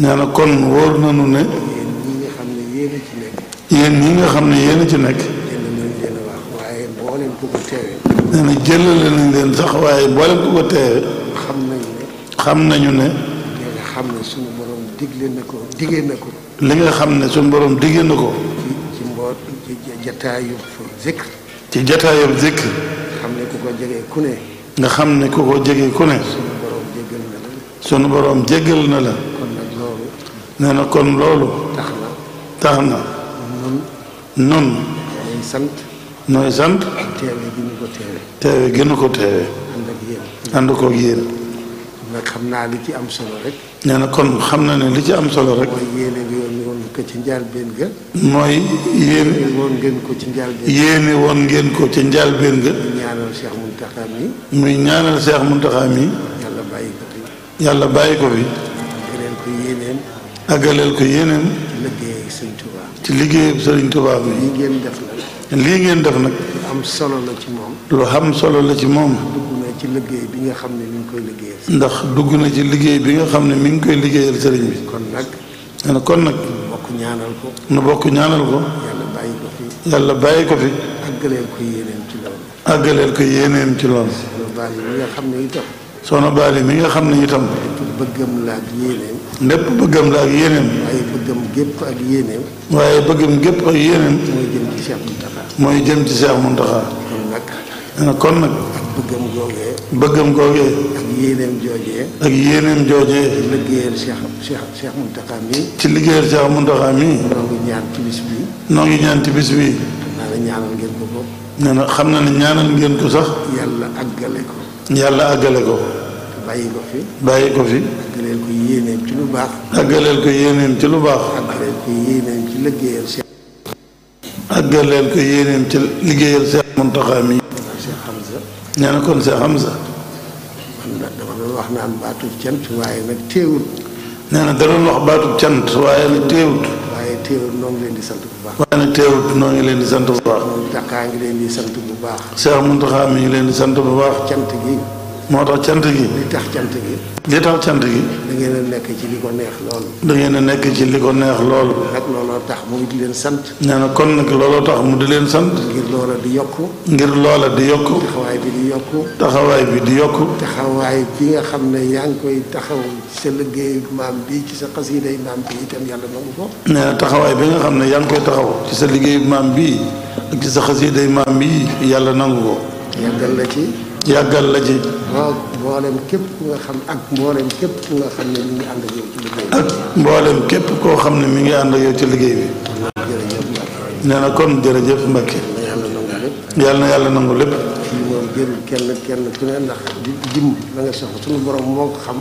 nee na kon wóor nañu ne yéen ñi nga xam ne yéen a ci nekk nee na jëlale nañ leen sax waaye boole ku ko teewe xam nañu ne digle na ko diggee na ko. li nga xam ne suñu boroom diggee na ko. ci ci mboot ci xam ne ko jege ku nga xam ne ku ko jege ku ne. suñu borom jéggal na na la. nee na kon loolu. tax na tax nooy sant. nooy sant. teewe gi nu ko teewe. teewe gi nu yéen. ànd xam naa li ci am solo rek. nee na kon xam na ne li ci am solo rek. mooy yéene woon ga. mooy yéene. woon ngeen ko ci njaal ga. yéene ngeen ko ci njëlbéen ga. muy ñaanal Cheikh Mountakha mi. muy ñaanal Cheikh Mountakha yàlla bàyyi ko fi. yàlla bàyyi ko fi. àggaleel ko yéeneen ci liggéey sëriñ Tuubaa bi lii ngeen def nag lii ngeen def nag lu am solo la ci moom lu am solo la ci moom dugg na ci liggéey bi nga xam ne mi ngi koy liggéeyal ndax dugg na ci liggéey bi nga xam ne mi ngi koy liggéeyal sëriñ bi kon nag nee kon nag bokk ñaanal ko nu bokk ñaanal ko yàlla bàyyi ko fi yàlla ko fi àggaleel ko yéeneen ci loolu àggaleel ko yéeneen ci loolu soxna Bali mi nga xam ne itam soxna Bali mi nga xam ne itam bëggam la ak lépp bëggam la ak yéeneem. waaye bëggam gépp ak yéeneem. waaye bëggam gépp ak mooy jëm ci Cheikh Mountakha. mooy jëm ci Cheikh Mountakha. kon nag. Ah, kon bëggam googee. bëggam googee. ak yéeneem joojee. ak yéeneem joojee. ci liggéeyal Cheikh Cheikh mii. ci liggéeyal Cheikh Mountakha mii. noo ngi ñaan ci bii. noo ngi ñaan ci bis bii. xam naa ne ñaanal ngeen ko ko. nee na xam na ñaanal ngeen ko sax. yàlla àggale ko. yàlla àggale ko. bàyyi ko fi. bàyyi ko fi. àggaleel ci lu baax. àggaleel ko yéeneem ci lu baax. àggaleel ko yéeneem ci liggéeyal seen. àggaleel ko yéeneem ci liggéeyal seen Muntaxa mi. nee na kon Seex Hamza. man dama doon wax naan baatub cant waaye nag teewul. nee na da doon wax baatub cant waaye nag teewut. waaye noo leen di sant bu baax. waaye nag teewut noo ngi leen di sant bu baax. ngi leen sant bu baax. Seex Muntaxa mi ngi leen di sant bu baax. cant gi. moo tax cant gi. li tax cant gi. li tax cant gi. da ngeen a nekk ci li ko neex lool. da ngeen a nekk ci li ko neex lool. nag looloo tax mu di leen sant. nee na kon nag looloo tax mu di leen sant. ngir loola di yokk. ngir loola di yokk. taxawaay bi di yokk. taxawaay bi di yokk. taxawaay bi nga xam ne yaa ngi koy taxaw sa liggéey maam bi ci sa xasiiday maam bi itam yàlla nangu ko. nee na taxawaay bi nga xam ne yaa ngi koy taxaw sa liggéey maam bi ci sa xasiiday maam bi yàlla nangu ko. yàggal la ci. yàggal la ji. boole mboolem képp ku xam ak mboolem képp ku nga xam ne mi ngi képp koo xam ne mi ngi ànd ak yow ci liggéey bi. jërëjëf nee na kon jërëjëf Mbacke. yàlla na yàlla nangu lépp. moom jërul kenn kenn la nga soxla suñu borom moo xam.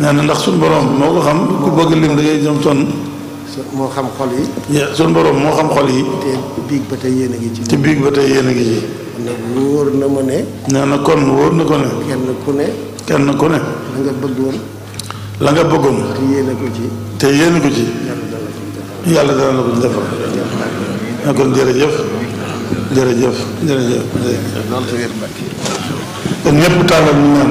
na ndax suñu borom moo ko xam ku bëgg lim da ngay jëm moo xam xol yi. suñu borom moo xam xol yi. te biig ba tey yéen a ngi ci. te biig ba tey yéen gi ngi ci. kon wóor na ma ne. nee na kon wóor na ko ne. kenn ku ne. kenn ku ne. la nga bëggoon. la nga bëggoon. te yéene ko ci. te yéene ko yàlla dana la ko defal. yàlla kon jërëjëf. jërëjëf jërëjëf. kon ñëpp tàllal ñu ñaan